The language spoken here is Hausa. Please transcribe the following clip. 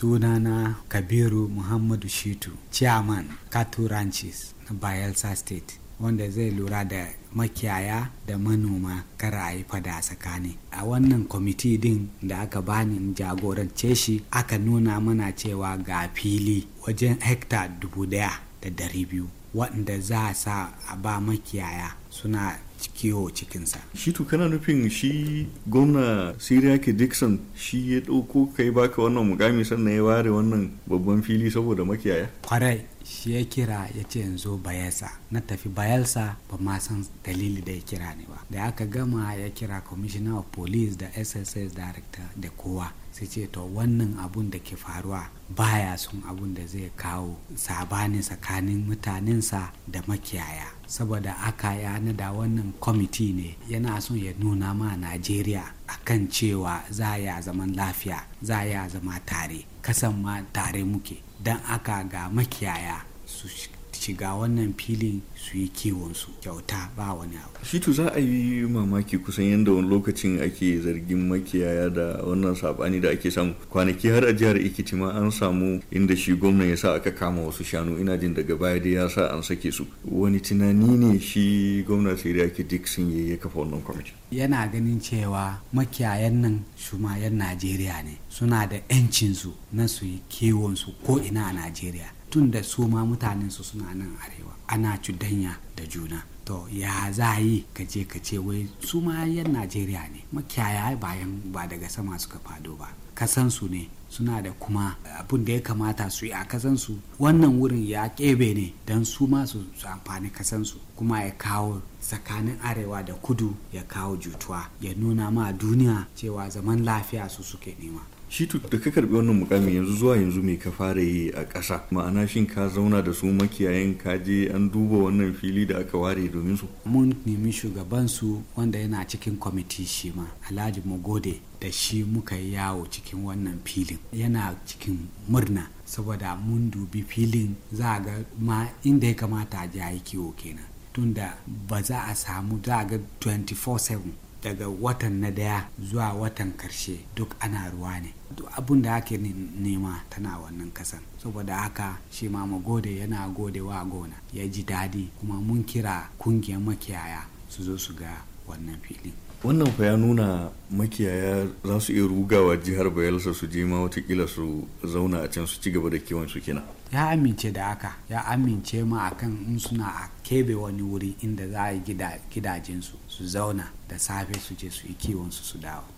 sunana kabiru muhammadu shitu chairman cattle ranches na bayelsa state wanda zai lura da makiyaya da manoma kar a yi fada tsakani a wannan kwamiti din da aka bani jagorance shi aka nuna mana cewa ga fili wajen hekta dubu daya da dari biyu wanda za a sa a ba makiyaya suna kiwo cikinsa shi to kana nufin shi gwamna ke dixon shi ya ɗauko kai baka wannan mukami sannan ya ware wannan babban fili saboda makiyaya kwarai shi ya kira ya ce zo bayelsa na tafi bayelsa ba ma san dalili da ya kira ni ba da aka gama ya kira commissioner of police da sss director da kowa sai ce to wannan abun da ke faruwa baya sun abun da zai kawo sabani tsakanin mutanensa da makiyaya saboda aka ya da wannan kwamiti ne yana son ya nuna ma najeriya kan cewa za a zaman lafiya za a zama tare kasan ma tare muke don aka ga makiyaya su shiga wannan filin su yi kiwonsu kyauta ba wani abu shi tu za a yi mamaki kusan yadda wani lokacin ake zargin makiyaya da wannan sabani da ake samu kwanaki har a jihar ikiti ma an samu inda shi gwamna ya sa aka kama wasu shanu ina jin daga baya dai ya sa an sake su wani tunani ne shi gwamna sai da ake dixon ya kafa wannan kwamitin yana ganin cewa makiyayan nan 'yan najeriya ne suna da 'yancinsu na su yi kiwonsu ko ina a najeriya tun da su ma mutanen su suna nan arewa ana cudanya da juna to ya za yi ka je ka ce wai su ma yan najeriya ne makiyaya bayan ba daga sama suka fado ba kasan su ne suna da kuma abin da ya kamata su yi a kasansu wannan wurin ya kebe ne don su ma su amfani kasansu kuma ya kawo tsakanin arewa da kudu ya kawo jutuwa ya nuna ma duniya cewa zaman lafiya su suke nema shi da ka karbi wannan mukamin yanzu zuwa yanzu mai ka fara yi a ƙasa ma'ana shin ka zauna da su makiyayan ka je an duba wannan fili da aka ware domin su mun nemi shugaban su wanda yana cikin kwamiti shi ma alhaji gode da shi muka yi yawo cikin wannan filin yana cikin murna saboda mun dubi filin za a ga ma inda ya kamata a ji a yi kiwo kenan tunda ba za a samu za a ga 24/7 daga watan na daya zuwa watan karshe duk ana ruwa ne duk abin da ake nema tana wannan kasan saboda haka shi ma gode yana gode wa gona ya ji daɗi kuma mun kira kungiyar makiyaya su zo su ga wannan filin wannan fa ya nuna makiyaya za su iya rugawa jihar bayelsa su je ma watakila su zauna a can su ci gaba da kiwon su kina ya amince da haka ya amince ma akan in suna a kebe wani wuri inda za a yi gidajensu su zauna da safe su je su yi kiwon su su dawo